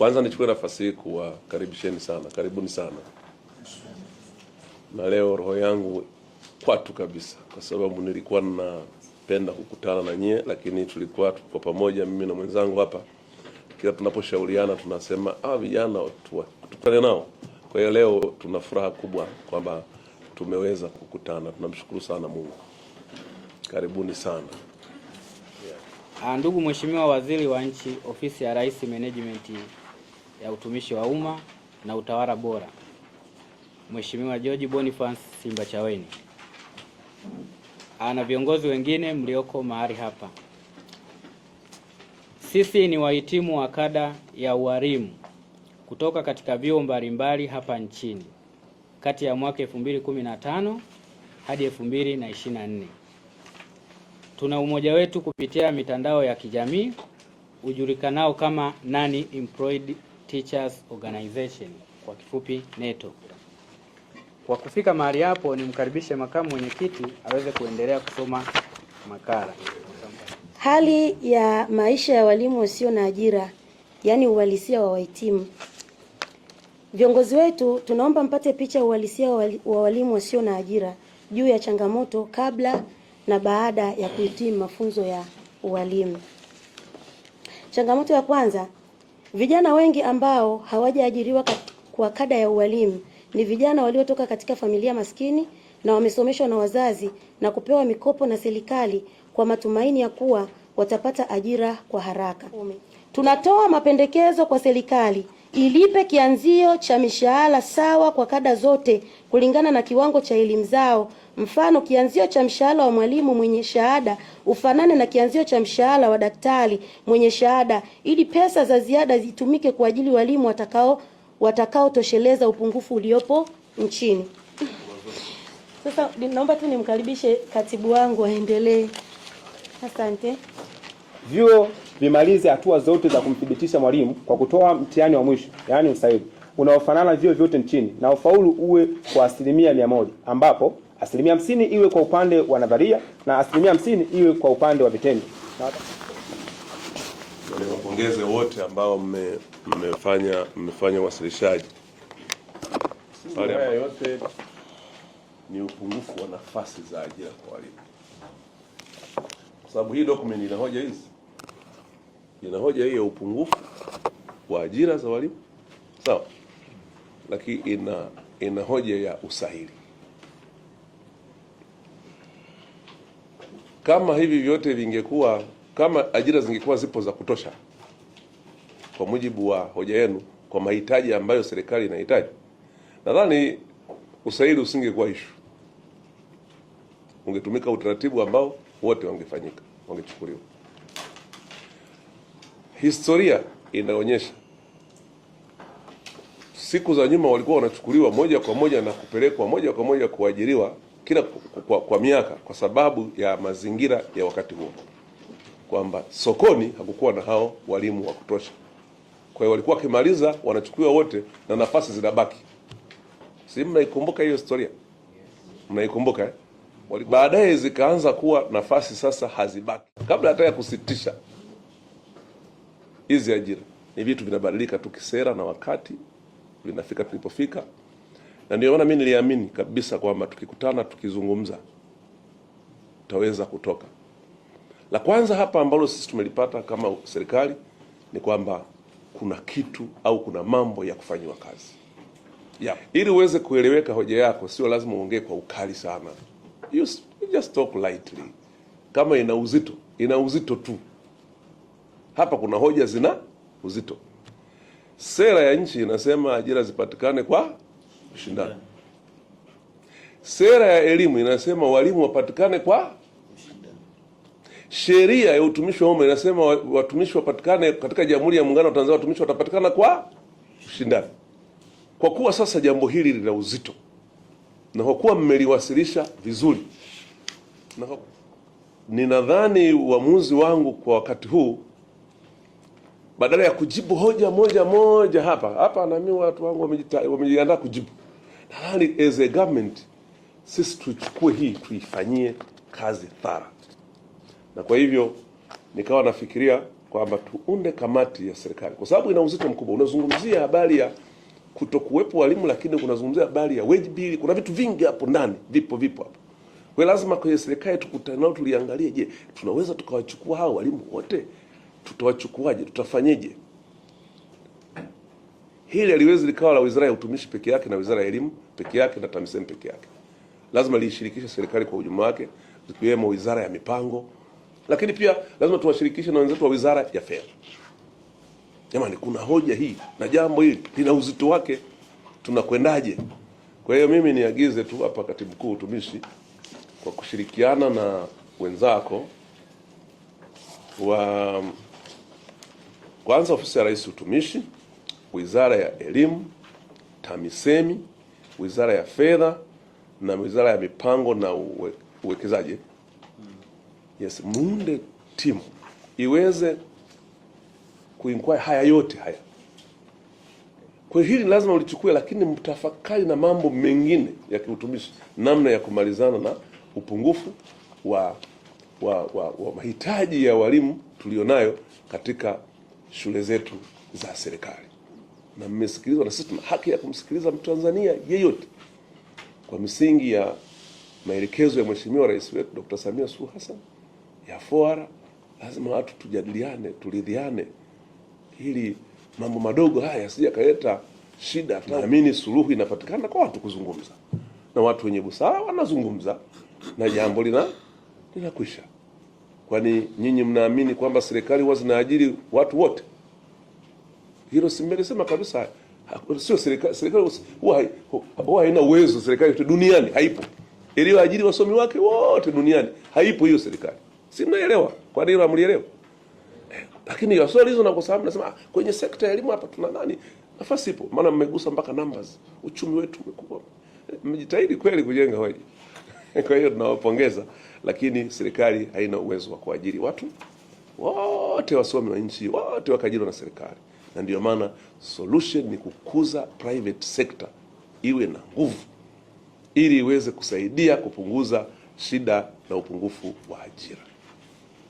Kwanza nichukue nafasi hii kuwakaribisheni sana, karibuni sana na leo roho yangu kwatu kabisa, kwa sababu nilikuwa napenda kukutana na nyie, lakini tulikuwa tuko pamoja, mimi na mwenzangu hapa, kila tunaposhauriana tunasema ah, vijana tukutane nao. Kwa hiyo leo tuna furaha kubwa kwamba tumeweza kukutana, tunamshukuru sana Mungu. Karibuni sana yeah. Ndugu Mheshimiwa Waziri wa Nchi, Ofisi ya Rais Management ya utumishi wa umma na utawala bora, Mheshimiwa George Boniface Simbachawene ana viongozi wengine mlioko mahali hapa. Sisi ni wahitimu wa kada ya ualimu kutoka katika vyuo mbalimbali hapa nchini kati ya mwaka 2015 hadi 2024. Tuna umoja wetu kupitia mitandao ya kijamii ujulikanao kama Nani Employed Teachers Organization kwa kifupi NETO. Kwa kufika mahali hapo, nimkaribishe makamu mwenyekiti aweze kuendelea kusoma makala. Hali ya maisha ya walimu wasio na ajira, yaani uhalisia wa wahitimu. Viongozi wetu, tunaomba mpate picha uhalisia wa walimu wasio na ajira juu ya changamoto kabla na baada ya kuhitimu mafunzo ya ualimu. Changamoto ya kwanza Vijana wengi ambao hawajaajiriwa kwa kada ya ualimu ni vijana waliotoka katika familia maskini na wamesomeshwa na wazazi na kupewa mikopo na serikali kwa matumaini ya kuwa watapata ajira kwa haraka. Tunatoa mapendekezo kwa serikali ilipe kianzio cha mishahara sawa kwa kada zote kulingana na kiwango cha elimu zao. Mfano, kianzio cha mshahara wa mwalimu mwenye shahada ufanane na kianzio cha mshahara wa daktari mwenye shahada, ili pesa za ziada zitumike kwa ajili walimu watakao watakaotosheleza upungufu uliopo nchini. Sasa naomba tu nimkaribishe katibu wangu aendelee. Asante. Vyuo vimalize hatua zote za kumthibitisha mwalimu kwa kutoa mtihani wa mwisho, yaani usaili unaofanana vyuo vyote nchini na ufaulu uwe kwa asilimia mia moja ambapo asilimia hamsini iwe kwa upande wa nadharia na asilimia hamsini iwe kwa upande wa vitendo. Niwapongeze wote ambao mme, mmefanya mmefanya uwasilishaji. Pale yote ni upungufu wa nafasi za ajira kwa walimu, kwa sababu hii dokumenti ina hoja hizi ina hoja hii ya upungufu wa ajira za walimu sawa, lakini ina, ina hoja ya usahili. Kama hivi vyote vingekuwa, kama ajira zingekuwa zipo za kutosha kwa mujibu wa hoja yenu, kwa mahitaji ambayo serikali inahitaji, nadhani usahili usingekuwa ishu, ungetumika utaratibu ambao wote wangefanyika, wangechukuliwa. Historia inaonyesha siku za nyuma walikuwa wanachukuliwa moja kwa moja na kupelekwa moja kwa moja kuajiriwa kila kwa, kwa, kwa miaka kwa sababu ya mazingira ya wakati huo, kwamba sokoni hakukuwa na hao walimu wa kutosha. Kwa hiyo walikuwa wakimaliza wanachukuliwa wote na nafasi zinabaki. Si mnaikumbuka hiyo historia? Mnaikumbuka eh? Baadaye zikaanza kuwa nafasi sasa hazibaki, kabla hata ya kusitisha hizi ajira. Ni vitu vinabadilika tu kisera na wakati vinafika tulipofika, na ndio maana mimi niliamini kabisa kwamba tukikutana, tukizungumza tutaweza kutoka. La kwanza hapa ambalo sisi tumelipata kama serikali ni kwamba kuna kitu au kuna mambo ya kufanyiwa kazi yeah. Ili uweze kueleweka hoja yako, sio lazima uongee kwa ukali sana. You just talk lightly, kama ina uzito, ina uzito tu hapa kuna hoja zina uzito. Sera ya nchi inasema ajira zipatikane kwa ushindani. Sera ya elimu inasema walimu wapatikane kwa ushindani. Sheria ya utumishi wa umma inasema watumishi wapatikane katika Jamhuri ya Muungano wa Tanzania, watumishi watapatikana kwa ushindani. Kwa kuwa sasa jambo hili lina uzito na kwa kuwa mmeliwasilisha vizuri, ninadhani uamuzi wangu kwa wakati huu badala ya kujibu hoja moja moja hapa hapa, na mimi watu wangu wamejiandaa kujibu. Nadhani as a government sisi tuchukue hii tuifanyie kazi thara, na kwa hivyo nikawa nafikiria kwamba tuunde kamati ya serikali, kwa sababu ina uzito mkubwa. Unazungumzia habari ya kutokuwepo walimu, lakini kunazungumzia habari ya wage bill. Kuna vitu vingi hapo ndani, vipo vipo hapo. Kwa lazima kwenye serikali tukutane nao, tuliangalie, je, tunaweza tukawachukua hao walimu wote tutawachukuaje? Tutafanyeje? Hili haliwezi likawa la wizara ya utumishi peke yake na wizara ya elimu peke yake na TAMISEMI peke yake, lazima liishirikishe serikali kwa ujumla wake, zikiwemo wizara ya mipango, lakini pia lazima tuwashirikishe na wenzetu wa wizara ya fedha. Jamani, kuna hoja hii na jambo hili lina uzito wake, tunakwendaje? Kwa hiyo mimi niagize tu hapa, katibu mkuu utumishi, kwa kushirikiana na wenzako wa kwanza, ofisi ya Rais Utumishi, wizara ya elimu, TAMISEMI, wizara ya fedha na wizara ya mipango na uwe, uwekezaji yes, muunde timu iweze kuinquire haya yote haya. Kwa hili lazima ulichukue, lakini mtafakari na mambo mengine ya kiutumishi, namna ya kumalizana na upungufu wa, wa, wa, wa mahitaji ya walimu tulionayo katika shule zetu za serikali, na mmesikilizwa, na sisi tuna haki ya kumsikiliza Mtanzania yeyote kwa misingi ya maelekezo ya Mheshimiwa Rais wetu Dr. Samia Suluhu Hassan ya foara. Lazima watu tujadiliane, turidhiane ili mambo madogo haya yasije yakaleta shida. Naamini suluhu inapatikana kwa watu kuzungumza, na watu wenye busara wanazungumza na jambo lina linakwisha. Kwani nyinyi mnaamini kwamba serikali huwa zinaajiri watu wote? Hilo simelisema kabisa, sio serikali. huwa haina uwezo, serikali yote duniani haipo iliyoajiri wasomi wake wote duniani, haipo hiyo serikali. Si mnaelewa? Kwani hilo hamlielewa? Eh, lakini hiyo swali hizo nakosahamu, nasema ah, kwenye sekta ya elimu hapa tuna nani, nafasi ipo, maana mmegusa mpaka numbers. Uchumi wetu umekuwa, mmejitahidi kweli kujenga hoja. Kwa hiyo tunawapongeza lakini serikali haina uwezo wa kuajiri watu wote wasomi wa nchi wote wakaajiriwa na serikali, na ndiyo maana solution ni kukuza private sector iwe na nguvu ili iweze kusaidia kupunguza shida na upungufu wa ajira.